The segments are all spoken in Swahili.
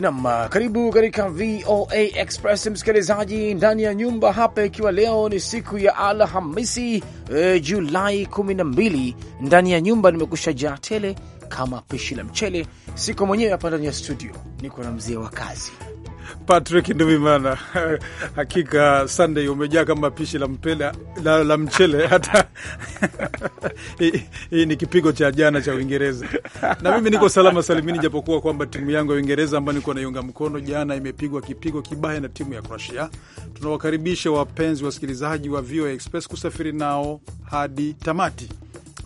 Nam, ah, karibu katika VOA Express msikilizaji, ndani ya nyumba hapa, ikiwa leo ni siku ya Alhamisi e, Julai 12. Ndani ya nyumba nimekusha jaa tele kama pishi la mchele. Siko mwenyewe hapa ndani ya studio, niko na mzee wa kazi Patrick Ndumimana, Hakika Sunday umejaa kama pishi la mpele, la, la mchele hata hii ni kipigo cha jana cha Uingereza na mimi niko salama salimini, japokuwa kwamba timu yangu ya Uingereza ambayo niko naiunga mkono jana imepigwa kipigo kibaya na timu ya Croatia. Tunawakaribisha wapenzi wasikilizaji wa VOA Express kusafiri nao hadi tamati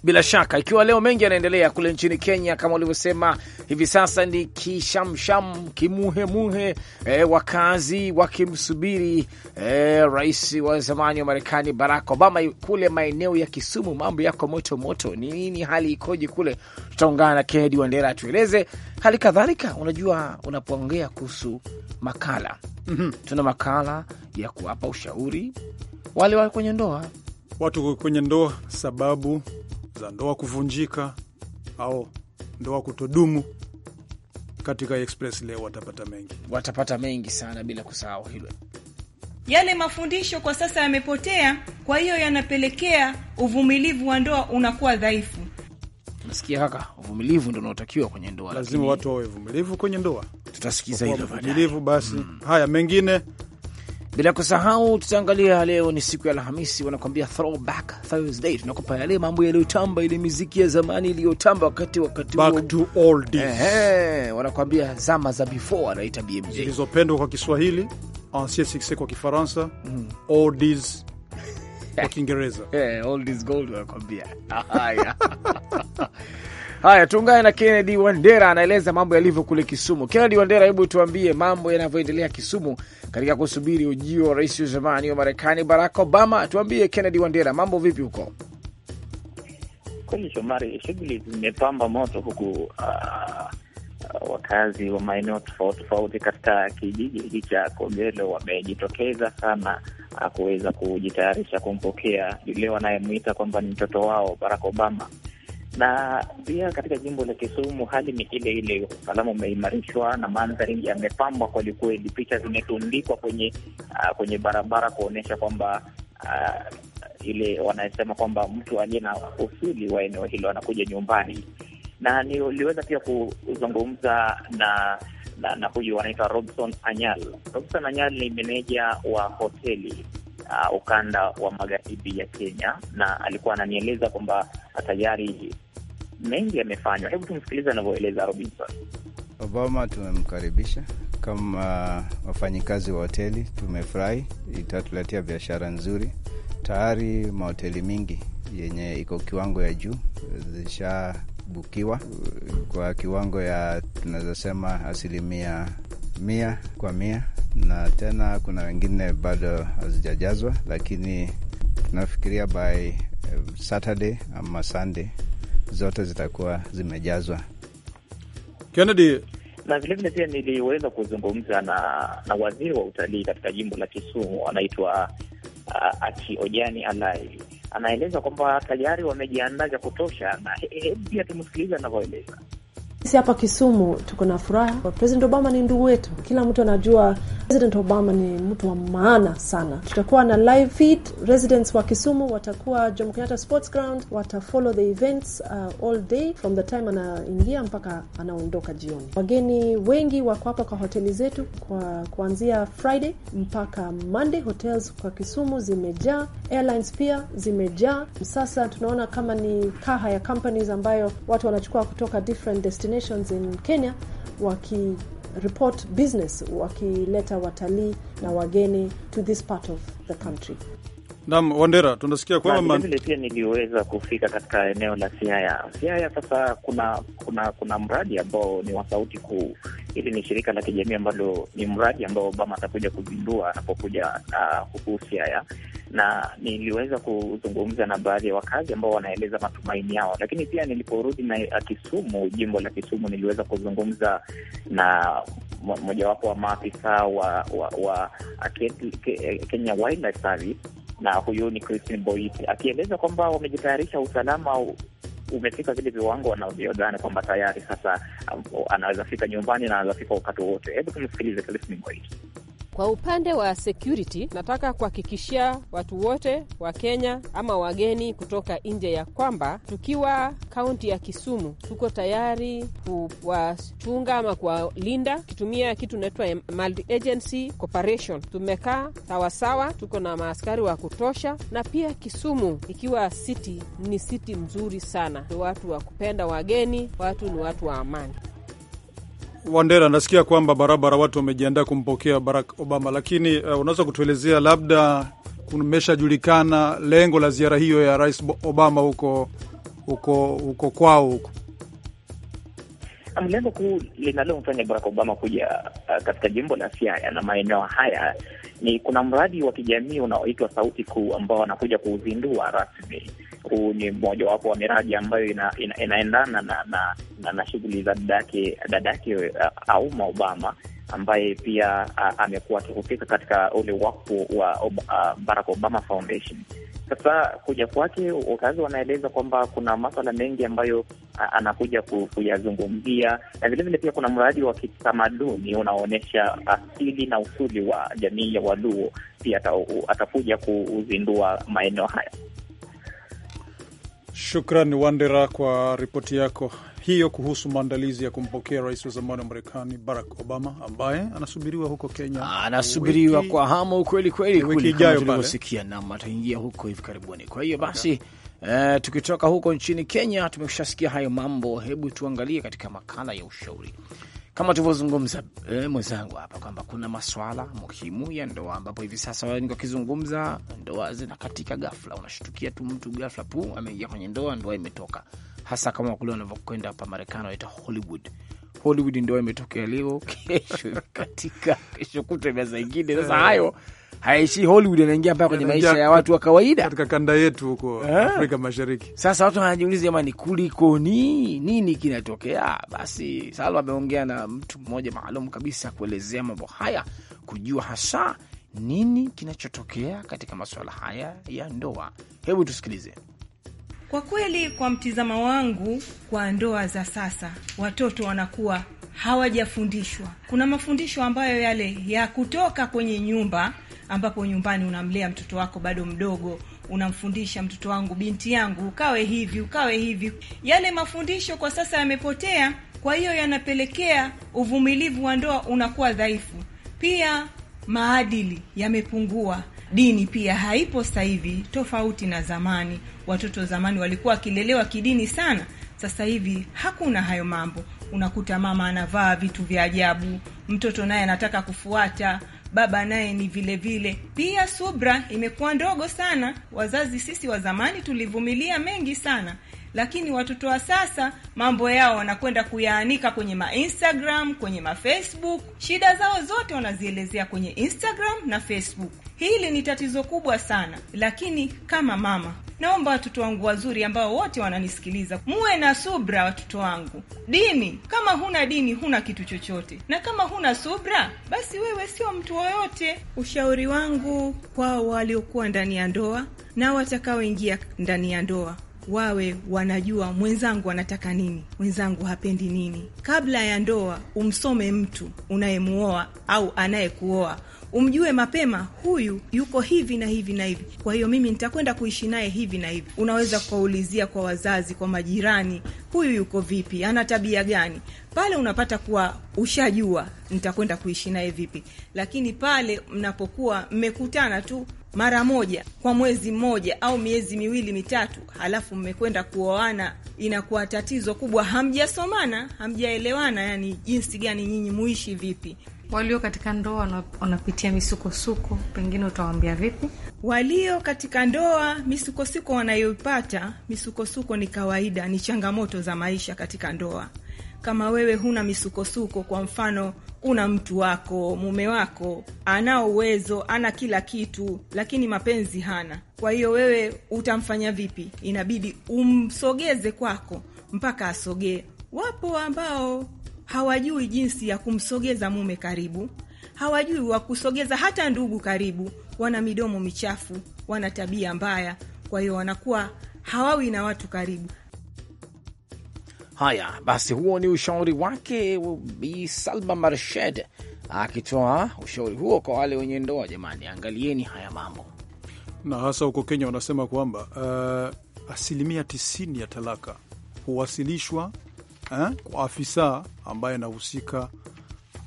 bila shaka, ikiwa leo mengi yanaendelea kule nchini Kenya kama ulivyosema, hivi sasa ni kishamsham kimuhemuhe, eh, wakazi wakimsubiri eh, rais wa zamani wa Marekani Barack Obama kule maeneo ya Kisumu. Mambo yako moto moto, ni nini? Hali ikoje kule? Tutaungana na Kennedy Wandera atueleze. Hali kadhalika, unajua unapoongea kuhusu makala mm -hmm. tuna makala ya kuwapa ushauri wale wa kwenye ndoa, watu kwenye ndoa, sababu za ndoa kuvunjika au ndoa kutodumu katika Express leo watapata mengi, watapata mengi sana, bila kusahau hilo yale mafundisho kwa sasa yamepotea, kwa hiyo yanapelekea uvumilivu wa ndoa unakuwa dhaifu. Nasikia kaka, uvumilivu ndo unaotakiwa kwenye ndoa, lazima lakini... watu wawe vumilivu kwenye ndoa. Tutasikiza hilo baadaye, uvumilivu basi. Mm, Haya, mengine bila kusahau tutaangalia leo, ni siku ya Alhamisi, wanakuambia throwback Thursday. Tunakupa yale mambo yaliyotamba, ile miziki ya zamani iliyotamba wakati wakati back to old eh, wanakuambia zama za before, anaita BMJ zilizopendwa kwa Kiswahili, ancien succes kwa Kifaransa, mm. oldies kwa Kiingereza eh, oldies gold wanakuambia haya Haya, tuungane na Kennedy Wandera anaeleza mambo yalivyo kule Kisumu. Kennedy Wandera, hebu tuambie mambo yanavyoendelea Kisumu katika kusubiri ujio wa rais wa zamani wa Marekani Barack Obama. Tuambie Kennedy Wandera, mambo vipi huko? Kweli Shomari, shughuli zimepamba moto huku uh, uh wakazi wa maeneo tofauti tofauti katika kijiji hiki cha Kogelo wamejitokeza sana uh, kuweza kujitayarisha kumpokea yule wanayemwita kwamba ni mtoto wao Barack Obama na pia katika jimbo la Kisumu hali ni ile ile, usalama umeimarishwa na mandhari yamepambwa kwelikweli. Picha zimetundikwa kwenye uh, kwenye barabara kuonyesha kwamba uh, ile wanasema kwamba mtu aliye na usuli wa eneo hilo anakuja nyumbani, na niliweza pia kuzungumza na na, na huyu wanaitwa Robson Anyal. Robson Anyal ni meneja wa hoteli uh, ukanda wa magharibi ya Kenya, na alikuwa ananieleza kwamba tayari mengi yamefanywa. Hebu tumsikiliza anavyoeleza Robinson. Obama tumemkaribisha kama uh, wafanyikazi wa hoteli, tumefurahi, itatuletea biashara nzuri. Tayari mahoteli mingi yenye iko kiwango ya juu zishabukiwa kwa kiwango ya tunaweza sema asilimia mia kwa mia, na tena kuna wengine bado hazijajazwa, lakini tunafikiria by uh, Saturday ama Sunday zote zitakuwa zimejazwa. Kennedy na vilevile pia niliweza kuzungumza na na waziri wa utalii katika jimbo la Kisumu, anaitwa uh, Aki Ojani Alai. Anaeleza kwamba tayari wamejiandaa vya kutosha, na hebu pia tumsikiliza anavyoeleza. Sisi hapa Kisumu tuko na furaha. President Obama ni ndugu wetu, kila mtu anajua President Obama ni mtu wa maana sana. Tutakuwa na live feed, residents wa Kisumu watakuwa Jomo Kenyatta Sports Ground, watafollow the events uh, all day from the time anaingia mpaka anaondoka jioni. Wageni wengi wako hapa kwa hoteli zetu kwa kuanzia Friday mpaka Monday. Hotels kwa Kisumu zimejaa, airlines pia zimejaa. Sasa tunaona kama ni kaha ya companies ambayo watu wanachukua kutoka different destinations destinations in Kenya wakireport business wakileta watalii na wageni to this part of the country. Naam, Wandera, tunasikia kwamba vile pia niliweza kufika katika eneo la Siaya. Siaya sasa kuna kuna kuna mradi ambao ni wa Sauti Kuu. Hili ni shirika la kijamii ambalo ni mradi ambao Obama atakuja kuzindua anapokuja uh, Siaya, na niliweza kuzungumza na baadhi ya wakazi ambao wanaeleza matumaini yao, lakini pia niliporudi na Kisumu, jimbo la Kisumu, niliweza kuzungumza na mojawapo wa maafisa wa, wa, wa Kenya Wildlife Service, na huyu ni Christine Boit akieleza kwamba wamejitayarisha, usalama umefika vile viwango wanavyodhani kwamba tayari sasa anawezafika um, anaweza fika nyumbani na anaweza fika wakati wowote. Hebu tumsikilize Christine Boit. Kwa upande wa security, nataka kuhakikishia watu wote wa Kenya ama wageni kutoka nje ya kwamba tukiwa kaunti ya Kisumu tuko tayari kuwachunga ama kuwalinda kitumia kitu inaitwa multi agency cooperation. Tumekaa sawasawa, tuko na maaskari wa kutosha, na pia Kisumu ikiwa city ni city mzuri sana, watu wa kupenda wageni, watu ni watu wa amani. Wandera, nasikia kwamba barabara watu wamejiandaa kumpokea Barack Obama, lakini uh, unaweza kutuelezea labda kumeshajulikana lengo la ziara hiyo ya Rais Obama huko huko huko kwao huko? Lengo kuu linalomfanya Barack Obama kuja uh, katika jimbo la Siaya na maeneo haya ni kuna mradi wa kijamii unaoitwa Sauti Kuu ambao anakuja kuuzindua rasmi huu ni mmojawapo wa miradi ambayo ina, ina, inaendana na na, na, na shughuli za dadake dadake uh, Auma Obama ambaye pia uh, amekuwa akihusika katika ule wakfu wa uh, Barack Obama Foundation. Sasa kuja kwake, wakazi wanaeleza kwamba kuna maswala mengi ambayo uh, anakuja kuyazungumzia, na vilevile pia kuna mradi wa kitamaduni unaoonyesha asili na usuli wa jamii ya Waluo, pia atakuja kuzindua maeneo haya. Shukran Wandera kwa ripoti yako hiyo kuhusu maandalizi ya kumpokea rais wa zamani wa Marekani Barack Obama ambaye anasubiriwa huko Kenya, anasubiriwa kwa hamu kweli kweli, wiki ijayo tulivyosikia, nam ataingia huko hivi karibuni. Kwa hiyo basi Eh, tukitoka huko nchini Kenya tumeshasikia hayo mambo, hebu tuangalie katika makala ya ushauri kama tulivyozungumza e, mwenzangu hapa kwamba kuna maswala muhimu ya ndoa, ambapo hivi sasa wengi wakizungumza ndoa zinakatika ghafla. Unashtukia tu mtu ghafla pu ameingia kwenye ndoa, ndoa imetoka, hasa kama wakuli wanavyokwenda hapa Marekani wanaita Hollywood. Hollywood ndoa imetokea leo, kesho katika kesho kutwa imeza ingine. Sasa eh. hayo haishi Hollywood, anaingia mpaka kwenye maisha ya watu wa kawaida katika kanda yetu huko eh? Afrika Mashariki. Sasa watu wanajiuliza jamani, kulikoni? Nini kinatokea? Basi Salwa ameongea na mtu mmoja maalum kabisa kuelezea mambo haya, kujua hasa nini kinachotokea katika masuala haya ya ndoa. Hebu tusikilize. Kwa kweli, kwa mtizamo wangu, kwa ndoa za sasa watoto wanakuwa hawajafundishwa. Kuna mafundisho ambayo yale ya kutoka kwenye nyumba ambapo nyumbani unamlea mtoto wako bado mdogo, unamfundisha mtoto wangu, binti yangu, ukawe hivi, ukawe hivi. Yale mafundisho kwa sasa yamepotea, kwa hiyo yanapelekea uvumilivu wa ndoa unakuwa dhaifu. Pia maadili yamepungua, dini pia haipo sasa hivi, tofauti na zamani. Watoto zamani walikuwa wakilelewa kidini sana. Sasa hivi hakuna hayo mambo. Unakuta mama anavaa vitu vya ajabu, mtoto naye anataka kufuata baba naye ni vile vile. Pia subra imekuwa ndogo sana. Wazazi sisi wa zamani tulivumilia mengi sana, lakini watoto wa sasa mambo yao wanakwenda kuyaanika kwenye mainstagram, kwenye mafacebook. Shida zao zote wanazielezea kwenye Instagram na Facebook. Hili ni tatizo kubwa sana, lakini kama mama Naomba watoto wangu wazuri ambao wote wananisikiliza, muwe na subra, watoto wangu. Dini, kama huna dini huna kitu chochote, na kama huna subra, basi wewe sio mtu woyote. Ushauri wangu kwao waliokuwa ndani ya ndoa na watakaoingia ndani ya ndoa wawe wanajua mwenzangu anataka nini, mwenzangu hapendi nini. Kabla ya ndoa, umsome mtu unayemuoa au anayekuoa umjue mapema, huyu yuko hivi na hivi na hivi, kwa hiyo mimi nitakwenda kuishi naye hivi na hivi. Unaweza kuwaulizia kwa wazazi, kwa majirani, huyu yuko vipi, ana tabia gani? Pale unapata kuwa ushajua nitakwenda kuishi naye vipi. Lakini pale mnapokuwa mmekutana tu mara moja kwa mwezi mmoja au miezi miwili mitatu, halafu mmekwenda kuoana, inakuwa tatizo kubwa. Hamjasomana, hamjaelewana, yani jinsi gani nyinyi muishi vipi. Walio katika ndoa wanapitia misukosuko, pengine utawaambia vipi? Walio katika ndoa, misukosuko wanayoipata, misukosuko ni kawaida, ni changamoto za maisha katika ndoa. Kama wewe huna misukosuko, kwa mfano, una mtu wako, mume wako anao uwezo, ana kila kitu, lakini mapenzi hana, kwa hiyo wewe utamfanya vipi? Inabidi umsogeze kwako mpaka asogee. Wapo ambao hawajui jinsi ya kumsogeza mume karibu, hawajui wa kusogeza hata ndugu karibu. Wana midomo michafu, wana tabia mbaya, kwa hiyo wanakuwa hawawi na watu karibu. Haya basi, huo ni ushauri wake Bi Salma Marshed akitoa ushauri huo kwa wale wenye ndoa. Jamani, angalieni haya mambo, na hasa huko Kenya wanasema kwamba uh, asilimia tisini ya talaka huwasilishwa eh, kwa afisa ambaye anahusika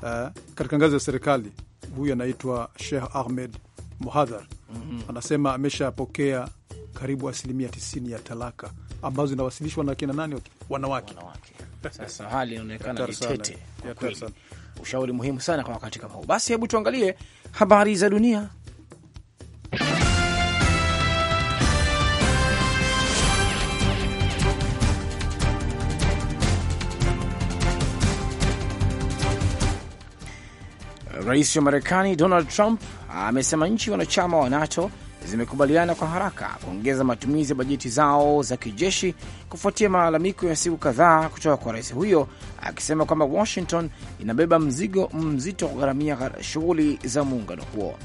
eh, katika ngazi ya serikali. Huyu anaitwa Sheikh Ahmed Muhadhar. mm -hmm. Anasema ameshapokea karibu asilimia tisini ya talaka ambazo inawasilishwa na kina nani? Wanawake, wanawake. Sasa hali inaonekana ni tete. Ushauri muhimu sana kwa wakati kama huu. Basi hebu tuangalie habari za dunia. Rais wa Marekani Donald Trump amesema nchi wanachama wa NATO zimekubaliana kwa haraka kuongeza matumizi ya bajeti zao za kijeshi kufuatia malalamiko ya siku kadhaa kutoka kwa rais huyo, akisema kwamba Washington inabeba mzigo mzito wa kugharamia shughuli za muungano huo.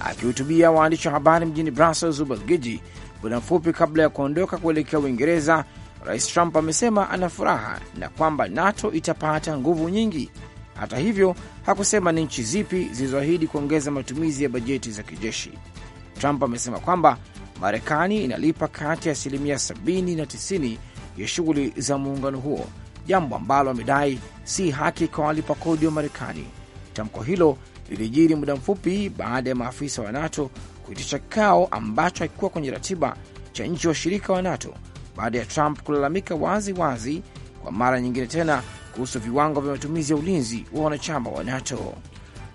Akihutubia waandishi wa habari mjini Brussels, Ubelgiji, muda mfupi kabla ya kuondoka kuelekea Uingereza, Rais Trump amesema ana furaha na kwamba NATO itapata nguvu nyingi hata hivyo, hakusema ni nchi zipi zilizoahidi kuongeza matumizi ya bajeti za kijeshi. Trump amesema kwamba Marekani inalipa kati ya asilimia 70 na 90 ya shughuli za muungano huo, jambo ambalo amedai si haki kwa walipa kodi wa Marekani. Tamko hilo lilijiri muda mfupi baada ya maafisa wa NATO kuitisha kikao ambacho hakikuwa kwenye ratiba cha nchi washirika wa NATO baada ya Trump kulalamika wazi wazi kwa mara nyingine tena kuhusu viwango vya matumizi ya ulinzi wa wanachama wa NATO.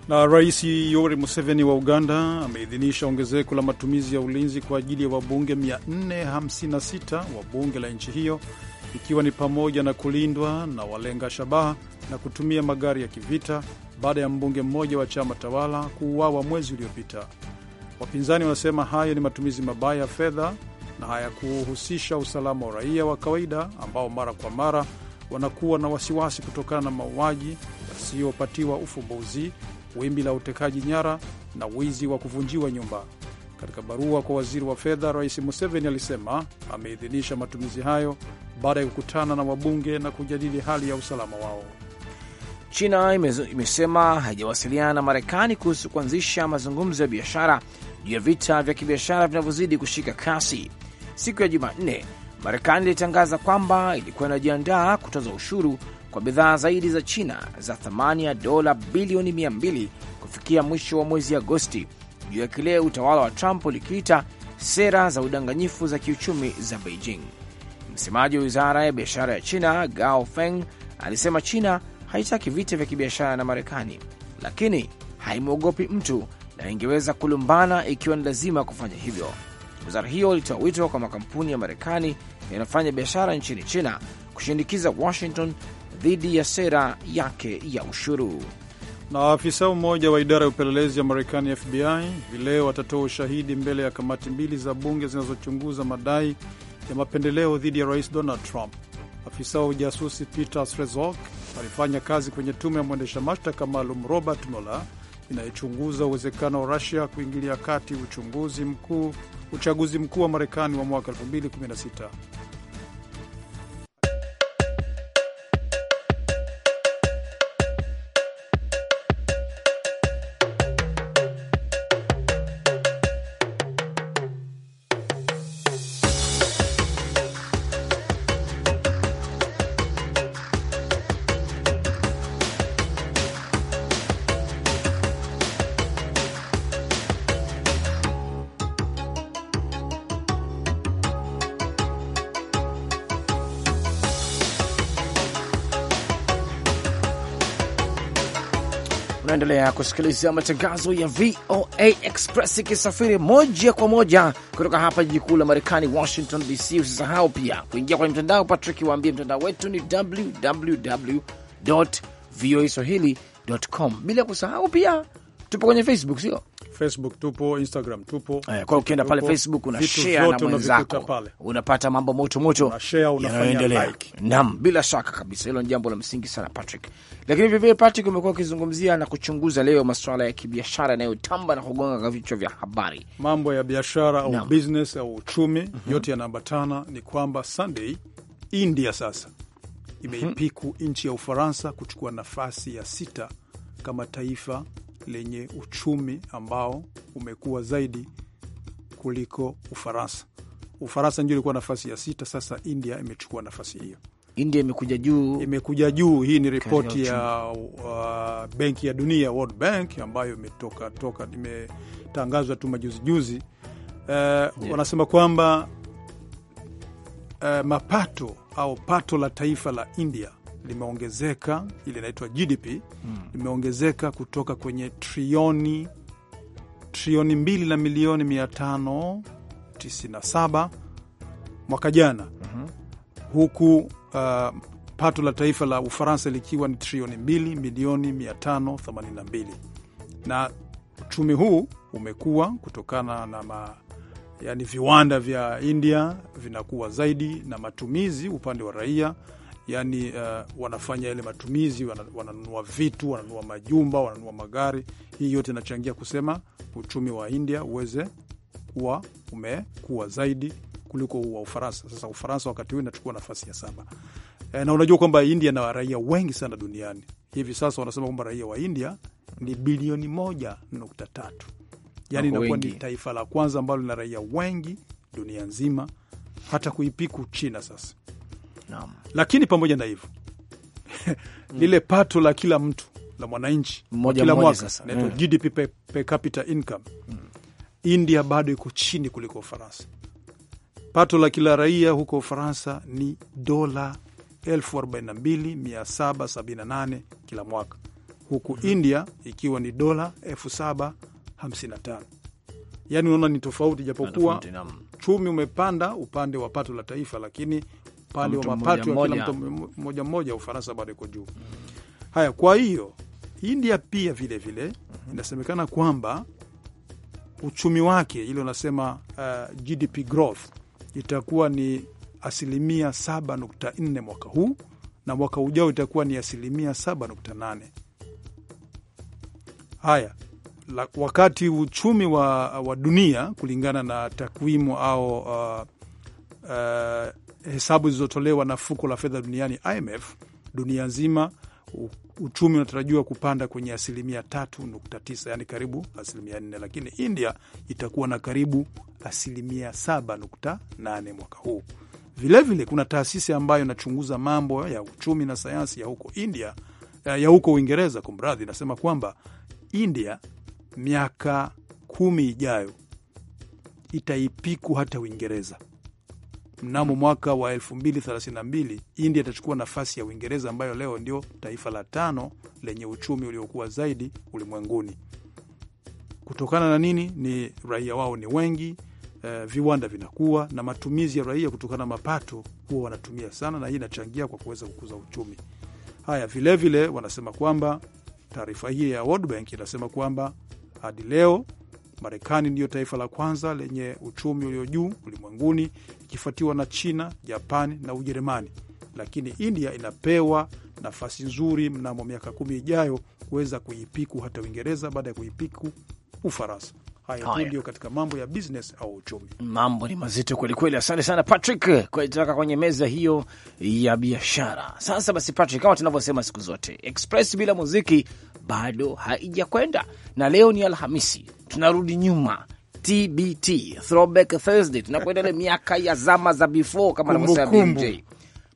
Na Rais Yoweri Museveni wa Uganda ameidhinisha ongezeko la matumizi ya ulinzi kwa ajili ya wabunge 456 wa bunge la nchi hiyo, ikiwa ni pamoja na kulindwa na walenga shabaha na kutumia magari ya kivita baada ya mbunge mmoja wa chama tawala kuuawa mwezi uliopita. Wapinzani wanasema hayo ni matumizi mabaya ya fedha na hayakuhusisha usalama wa raia wa kawaida ambao mara kwa mara wanakuwa na wasiwasi kutokana na mauaji yasiyopatiwa ufumbuzi, wimbi la utekaji nyara na wizi wa kuvunjiwa nyumba. Katika barua kwa waziri wa fedha, Rais Museveni alisema ameidhinisha matumizi hayo baada ya kukutana na wabunge na kujadili hali ya usalama wao. China imesema haijawasiliana na Marekani kuhusu kuanzisha mazungumzo ya biashara juu ya vita vya kibiashara vinavyozidi kushika kasi. Siku ya Jumanne, Marekani ilitangaza kwamba ilikuwa inajiandaa kutoza ushuru kwa bidhaa zaidi za China za thamani ya dola bilioni 200 kufikia mwisho wa mwezi Agosti juu ya kile utawala wa Trump ulikiita sera za udanganyifu za kiuchumi za Beijing. Msemaji wa wizara ya biashara ya China Gao Feng alisema China haitaki vita vya kibiashara na Marekani, lakini haimwogopi mtu na ingeweza kulumbana ikiwa ni lazima kufanya hivyo. Wizara hiyo ilitoa wito kwa makampuni ya Marekani yanayofanya biashara nchini China kushinikiza Washington dhidi ya sera yake ya ushuru. Na afisa mmoja wa idara ya upelelezi ya Marekani, FBI, hivi leo atatoa ushahidi mbele ya kamati mbili za bunge zinazochunguza madai ya mapendeleo dhidi ya rais Donald Trump. Afisa wa ujasusi Peter Srezok alifanya kazi kwenye tume ya mwendesha mashtaka maalum Robert Mueller inayochunguza uwezekano wa Rusia kuingilia kati uchunguzi mkuu uchaguzi mkuu wa Marekani wa mwaka 2016. Unaendelea kusikiliza matangazo ya VOA Express ikisafiri moja kwa moja kutoka hapa jiji kuu la Marekani, Washington DC. Usisahau pia kuingia kwenye mtandao. Patrick, waambie mtandao wetu ni www voa swahili com, bila kusahau pia tupo kwenye Facebook, sio Facebook tupo, Instagram tupo. Haya, eh, kwa ukienda pale Facebook una share na mwenzako, unapata mambo moto moto yanayoendelea. Like. Naam, bila shaka kabisa hilo ni jambo la msingi sana Patrick. Lakini vivyo Patrick umekuwa ukizungumzia na kuchunguza leo masuala ya kibiashara yanayotamba na kugonga kwa vichwa vya habari. Mambo ya biashara au business au uchumi mm -hmm. yote yanaambatana. Ni kwamba Sunday India sasa mhm. imeipiku mm -hmm. nchi ya Ufaransa kuchukua nafasi ya sita kama taifa lenye uchumi ambao umekuwa zaidi kuliko Ufaransa. Ufaransa ndio ilikuwa nafasi ya sita, sasa India imechukua nafasi hiyo. India imekuja juu, imekuja juu. Hii ni ripoti ya uh, benki ya dunia World Bank ambayo imetoka toka imetangazwa tu majuzijuzi uh, yeah. Wanasema kwamba uh, mapato au pato la taifa la India limeongezeka, ile inaitwa GDP mm, limeongezeka kutoka kwenye trilioni trilioni mbili na milioni mia tano tisini na saba mwaka jana mm -hmm. huku uh, pato la taifa la Ufaransa likiwa ni trilioni mbili milioni mia tano themanini na mbili na uchumi huu umekuwa kutokana na ma, yani viwanda vya India vinakuwa zaidi na matumizi upande wa raia yani uh, wanafanya yale matumizi, wananunua vitu, wananunua majumba, wananunua magari. Hii yote inachangia kusema uchumi wa India uweze kuwa umekuwa zaidi kuliko wa Ufaransa. Sasa Ufaransa wakati huu inachukua nafasi ya saba. E, na unajua kwamba India na raia wengi sana duniani hivi sasa, wanasema kwamba raia wa India ni bilioni moja nukta tatu yani inakuwa ni taifa la kwanza ambalo lina raia wengi dunia nzima, hata kuipiku China sasa Naam. Lakini pamoja na hivyo lile pato la kila mtu la mwananchi kila mwaka mm. GDP per, per capita income mm. India bado iko chini kuliko Ufaransa. Pato la kila raia huko Ufaransa ni dola 42778 kila mwaka huku mm -hmm. India ikiwa ni dola 755 Yani unaona ni tofauti, japokuwa chumi umepanda upande wa pato la taifa, lakini upande wa mapato ya kila mtu mmoja mmoja, Ufaransa bado iko juu. Haya, kwa hiyo India pia vile vile mhm. inasemekana kwamba uchumi wake ile unasema uh, GDP growth itakuwa ni asilimia 7.4 mwaka huu na mwaka ujao itakuwa ni asilimia 7.8. Haya, la, wakati uchumi wa, wa dunia kulingana na takwimu au uh, uh, hesabu zilizotolewa na fuko la fedha duniani IMF, dunia nzima uchumi unatarajiwa kupanda kwenye asilimia tatu nukta tisa yani karibu asilimia nne, lakini India itakuwa na karibu asilimia saba nukta nane mwaka huu. Vilevile vile, kuna taasisi ambayo inachunguza mambo ya uchumi na sayansi ya huko India ya huko Uingereza, kumradhi, inasema kwamba India miaka kumi ijayo itaipiku hata Uingereza mnamo mwaka wa 2032 India itachukua nafasi ya Uingereza ambayo leo ndio taifa la tano lenye uchumi uliokuwa zaidi ulimwenguni. Kutokana na nini? Ni raia wao ni wengi, eh, viwanda vinakuwa na matumizi ya raia kutokana na mapato huwa wanatumia sana, na hii inachangia kwa kuweza kukuza uchumi. Haya, vilevile vile, wanasema kwamba taarifa hii ya World Bank inasema kwamba hadi leo Marekani ndiyo taifa la kwanza lenye uchumi ulio juu ulimwenguni ikifuatiwa na China, Japani na Ujerumani, lakini India inapewa nafasi nzuri mnamo miaka kumi ijayo kuweza kuipiku hata Uingereza baada ya kuipiku Ufaransa. Haya ndio katika mambo ya business au uchumi. Mambo ni mazito kwelikweli. Asante sana Patrick kutoka kwenye meza hiyo ya biashara. Sasa basi, Patrick, kama tunavyosema siku zote, express bila muziki bado haijakwenda, na leo ni Alhamisi, tunarudi nyuma TBT, Throwback Thursday, tunakwenda ile miaka ya zama za before kama anavyosema BMJ.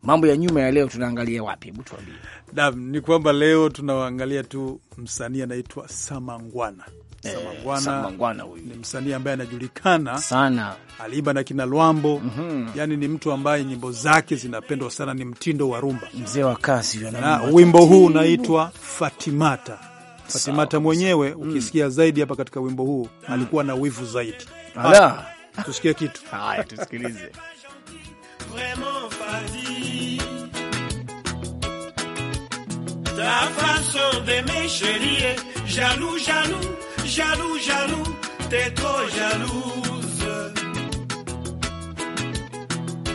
Mambo ya nyuma ya leo tunaangalia wapi? Hebu tuambie. Naam, ni kwamba leo tunaangalia tu msanii anaitwa Samangwana. Eh, Samangwana, Samangwana huyu ni msanii ambaye anajulikana sana, aliimba na kina Lwambo. mm -hmm. Yani ni mtu ambaye nyimbo zake zinapendwa sana, ni mtindo wa rumba, mzee wa kasi. wimbo huu unaitwa Fatimata. Fatimata mwenyewe ukisikia mm. zaidi hapa katika wimbo huu ah. alikuwa na wivu zaidi. Ala, tusikie kitu. Haya, tusikilize.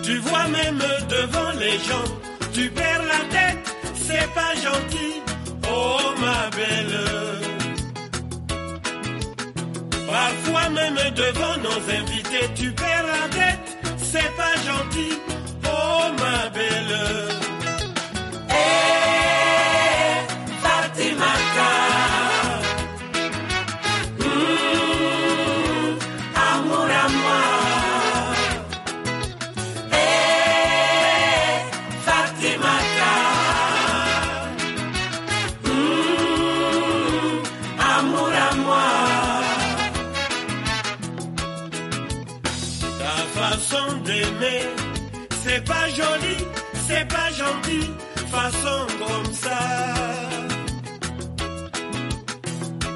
Tu vois même devant les gens, tu perds la tête, c'est pas gentil. oh ma belle. Parfois même devant nos invités, tu perds la tête, c'est pas gentil, oh ma belle. façon d'aimer. C'est pas joli, c'est pas gentil, façon comme ça.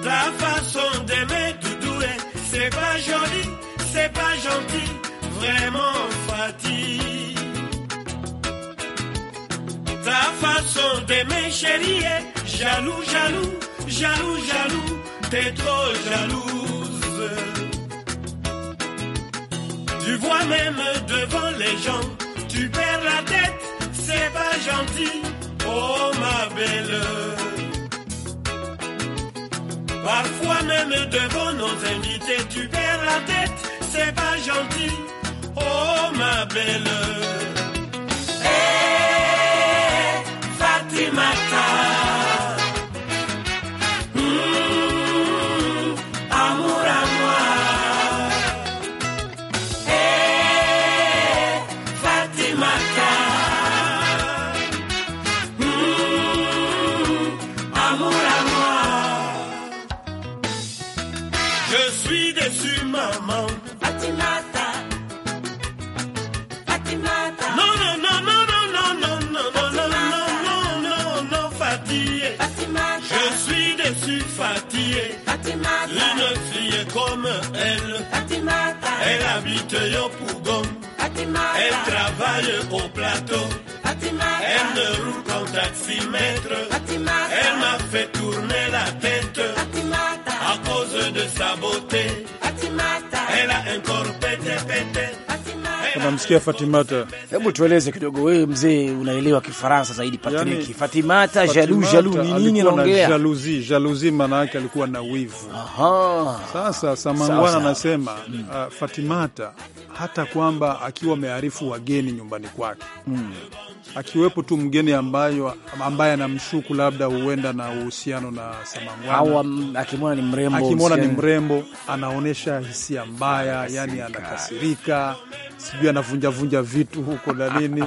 Ta façon d'aimer, doué, c'est pas joli, c'est pas gentil, vraiment fatigue. Ta façon d'aimer, chérie, jaloux, jaloux, jaloux, jaloux, t'es trop jalouse. Tu vois même devant les gens, tu perds la tête, c'est pas gentil, oh ma belle. Parfois même devant nos invités, tu perds la tête, c'est pas gentil, oh ma belle. Eh, Fatima. Tutamsikia Fatimata. Hebu tueleze kidogo, wewe mzee unaelewa Kifaransa zaidi Patrick. Yani, Fatimata jalu jalu ni nini anaongea? Jalousie, jalousie maana yake alikuwa na wivu. Aha. Sasa Samangwana anasema mm. uh, Fatimata hata kwamba akiwa amearifu wageni nyumbani kwake mm. akiwepo tu mgeni ambayo ambaye anamshuku labda huenda na uhusiano na Samangwana, akimwona ni mrembo, akimwona ni mrembo anaonesha hisia mbaya, yani anakasirika, sijui anavunja kuvunja vunja vitu huko na nini,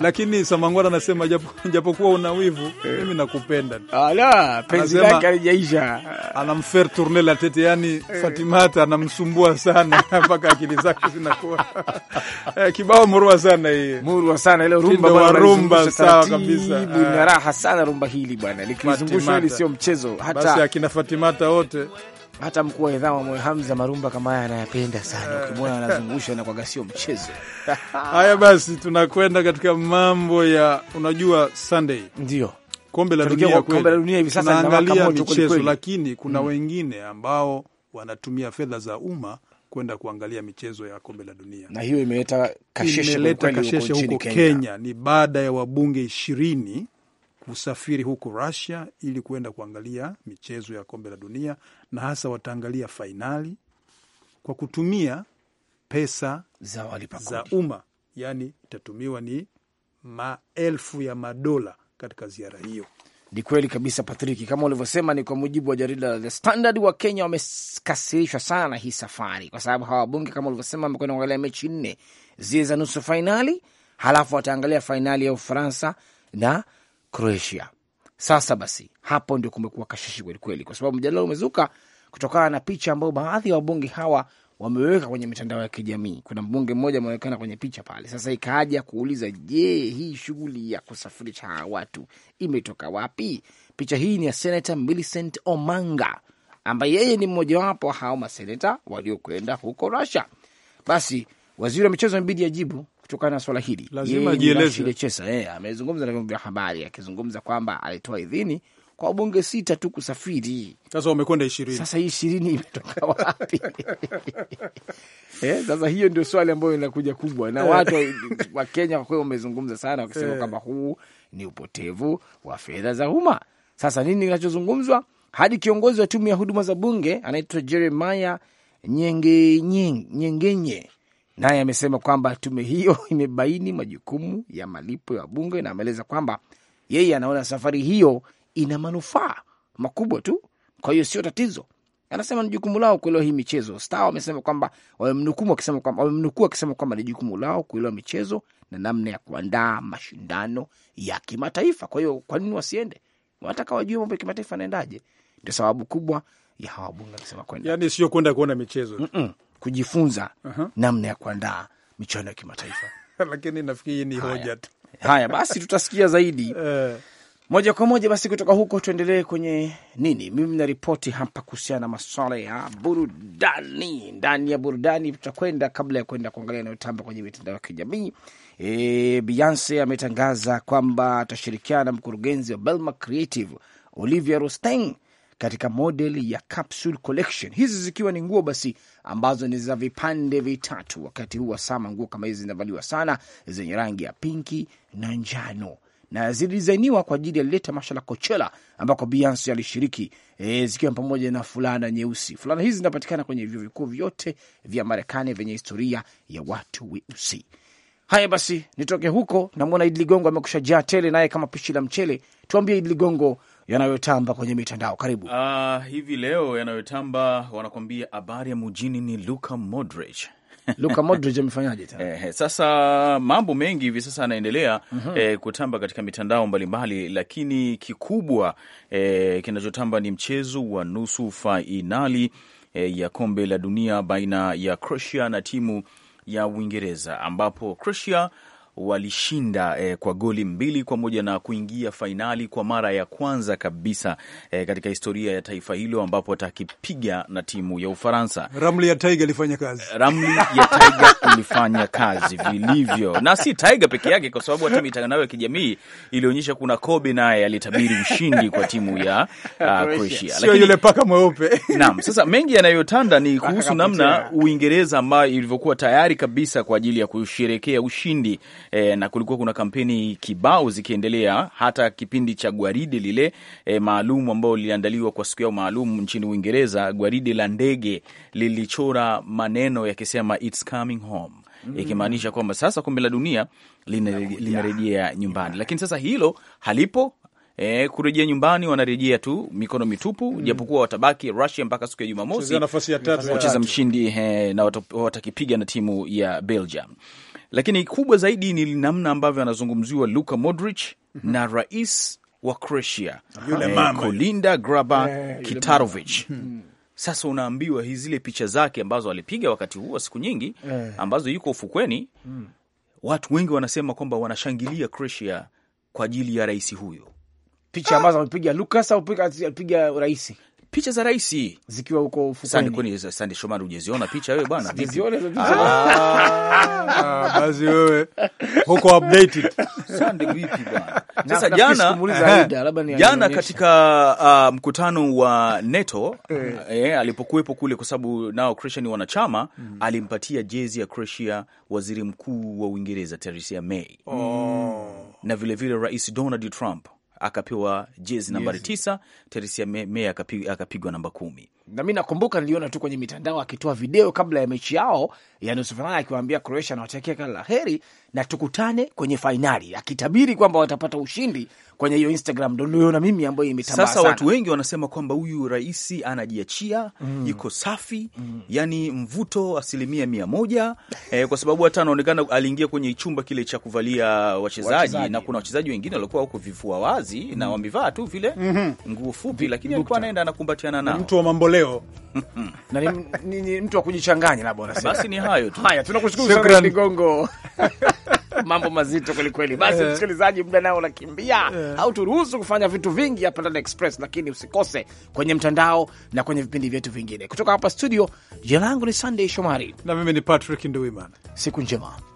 lakini Samangwana anasema japokuwa japo una wivu mimi nakupenda, Ala, penzi lake alijaisha, anamfer tourner la tete, yani eh. Fatimata anamsumbua sana mpaka akili zake zinakuwa eh, kibao Murwa sana hii murwa sana ile rumba bwana, rumba sawa kabisa, ni eh. raha sana rumba hili bwana, likizungushwa hili sio mchezo. Hata basi akina Fatimata wote hata mkuu wa idhaa wa Moyo Hamza Marumba kama haya anayapenda sana, ukimwona anazungusha na kwaga sio mchezo. Haya basi, tunakwenda katika mambo ya unajua, Sunday ndio kombe la dunia, kombe la dunia hivi sasa tunaangalia michezo, lakini kuna mm, wengine ambao wanatumia fedha za umma kwenda kuangalia michezo ya kombe la dunia, na hiyo imeleta kasheshe, imeleta kasheshe huko Kenya. Kenya ni baada ya wabunge ishirini kusafiri huko Russia ili kuenda kuangalia michezo ya kombe la dunia na hasa wataangalia fainali kwa kutumia pesa za, za umma, yaani itatumiwa ni maelfu ya madola katika ziara hiyo. Ni kweli kabisa Patrick, kama ulivyosema, ni kwa mujibu wa jarida la The Standard. Wa Kenya wamekasirishwa sana na hii safari, kwa sababu hawa wabunge kama ulivyosema, wamekwenda kuangalia mechi nne zile za nusu fainali, halafu wataangalia fainali ya Ufaransa na Croatia. Sasa basi, hapo ndio kumekuwa kashishi kwelikweli, kwa sababu mjadala umezuka kutokana na picha ambayo baadhi ya wabunge hawa wameweka kwenye mitandao ya kijamii. Kuna mbunge mmoja ameonekana kwenye picha pale. Sasa ikaaja kuuliza, je, hii shughuli ya kusafirisha hawa watu imetoka wapi? Picha hii ni ya senata Millicent Omanga ambaye yeye ni mmojawapo hao maseneta waliokwenda huko Russia. Basi waziri wa michezo amebidi ajibu kutokana na swala hili. Lazima ajieleze. Chesa yeye eh, amezungumza na vyombo vya habari akizungumza kwamba alitoa idhini kwa wabunge sita tu kusafiri. Sasa wamekwenda ishirini. Sasa hii ishirini imetoka wapi? Eh, sasa hiyo ndio swali ambayo inakuja kubwa, na watu eh. wa Kenya kwa kweli wamezungumza sana wakisema eh. kwamba huu ni upotevu wa fedha za umma. Sasa nini kinachozungumzwa? Hadi kiongozi wa tume ya huduma za bunge anaitwa Jeremiah Nyengenye Nyengenye Naye amesema kwamba tume hiyo imebaini majukumu ya malipo ya wabunge na ameeleza kwamba yeye anaona safari hiyo ina manufaa makubwa tu, kwa hiyo sio tatizo. Anasema ni jukumu lao kuelewa hii michezo. Star wamesema kwamba wamemnukuu akisema kwamba wamemnukuu akisema kwamba ni jukumu lao kuelewa michezo na namna ya kuandaa mashindano ya kimataifa. Kwa hiyo kwa nini wasiende? Wanataka wajue mambo ya kimataifa anaendaje. Ndio sababu kubwa ya hawa wabunge kusema kwenda, yani sio kwenda kuona michezo. Mm -mm kujifunza uh -huh. namna ya kuandaa michuano ya kimataifa lakini nafikiri ni hoja tu. Haya basi, tutasikia zaidi eh. moja kwa moja. Basi kutoka huko tuendelee kwenye nini, mimi naripoti hapa kuhusiana na maswala ya burudani. Ndani ya burudani tutakwenda, kabla ya kwenda kuangalia inayotamba kwenye mitandao ya kijamii e, Beyonce ametangaza kwamba atashirikiana na mkurugenzi wa Belma Creative Olivia Rosteng katika model ya capsule collection, hizi zikiwa ni nguo basi ambazo ni za vipande vitatu. Wakati huu wa sama, nguo kama hizi zinavaliwa sana, zenye rangi ya pinki na njano na zilizainiwa kwa ajili ya lile masha la Coachella ambako Beyonce alishiriki, e, zikiwa pamoja na fulana nyeusi. Fulana hizi zinapatikana kwenye vyuo vikuu vyote vya Marekani vyenye historia ya watu weusi. Haya basi, nitoke huko, namwona Idi Ligongo amekusha jaa tele, naye kama pishi la mchele. Tuambie Idi Ligongo, yanayotamba kwenye mitandao? Karibu. Uh, hivi leo yanayotamba wanakuambia habari ya mjini ni Luka Modric. Luka Modric amefanyaje tena? Eh, eh, sasa mambo mengi hivi sasa anaendelea mm -hmm. eh, kutamba katika mitandao mbalimbali mbali, lakini kikubwa eh, kinachotamba ni mchezo wa nusu fainali eh, ya kombe la dunia baina ya Croatia na timu ya Uingereza ambapo Croatia walishinda eh, kwa goli mbili kwa moja na kuingia fainali kwa mara ya kwanza kabisa eh, katika historia ya taifa hilo ambapo atakipiga na timu ya Ufaransa. Ramli ya Taiga ilifanya kazi, Ramli ya Taiga ulifanya kazi vilivyo, na si Tiger peke yake, kwa sababu hata mitandao ya kijamii ilionyesha kuna Kobe naye alitabiri ushindi kwa timu ya uh, Croatia, sio yule paka mweupe naam. Sasa mengi yanayotanda ni kuhusu namna Uingereza ambayo ilivyokuwa tayari kabisa kwa ajili ya kusherekea ushindi e, na kulikuwa kuna kampeni kibao zikiendelea hata kipindi cha gwaride lile e, maalum ambao liliandaliwa kwa siku yao maalum nchini Uingereza. Gwaride la ndege lilichora maneno yakisema it's coming home mm -hmm. ikimaanisha kwamba sasa kombe la dunia linarejea nyumbani, lakini sasa hilo halipo. E, kurejea nyumbani wanarejea tu mikono mitupu mm. Japokuwa watabaki Russia mpaka siku ya Jumamosi wacheza mshindi he, na watakipiga na timu ya Belgium, lakini kubwa zaidi ni namna ambavyo anazungumziwa Luka Modric mm -hmm. na rais wa Croatia kulinda graba kitarovich e, sasa unaambiwa hizi zile picha zake ambazo alipiga wakati huo siku nyingi eh, ambazo yuko ufukweni mm, watu wengi wanasema kwamba wanashangilia Croatia kwa ajili ya rais huyo picha ambazo amepiga Lucas au rahisi rais picha za rais zikiwa huko ufukweni. Shomari, ujeziona picha wewe bwana? Ah. Ah, basi wewe huko updated. vipi bwana? Sasa jana eh, jana katika uh, mkutano wa NATO eh. eh, alipokuwepo kule, kwa sababu nao Croatia ni wanachama mm alimpatia jezi ya Croatia waziri mkuu wa Uingereza Theresa May oh. na vilevile vile Rais Donald Trump akapewa jezi nambari yes, tisa. Teresia Mea akapigwa namba kumi nami nakumbuka niliona tu kwenye mitandao akitoa video kabla ya mechi yao ya nusu fainali akiwaambia Croatia anawatakia kila la heri na tukutane kwenye fainali, akitabiri kwamba watapata ushindi kwenye hiyo Instagram ndo niliona mimi ambayo imetambaa sana. Sasa watu wengi wanasema kwamba huyu rais anajiachia mm. iko safi mm. yani mvuto asilimia mia moja eh, kwa sababu hata anaonekana aliingia kwenye chumba kile cha kuvalia wachezaji na kuna wachezaji wengine walikuwa huko vifua wazi mm. na wamevaa tu vile mm -hmm. nguo fupi, lakini alikuwa anaenda anakumbatiana nao mtu wa mambo leo na ni, ni, ni mtu wa kujichanganya labda unasema. Basi ni hayo tu. Haya, tunakushukuru sana Ligongo. Mambo mazito kweli kweli. Basi eh. msikilizaji, muda nao unakimbia, eh. au turuhusu kufanya vitu vingi hapa ndani Express, lakini usikose kwenye mtandao na kwenye vipindi vyetu vingine kutoka hapa studio. Jina langu ni Sunday Shomari na mimi ni Patrick Nduwimana. Siku njema.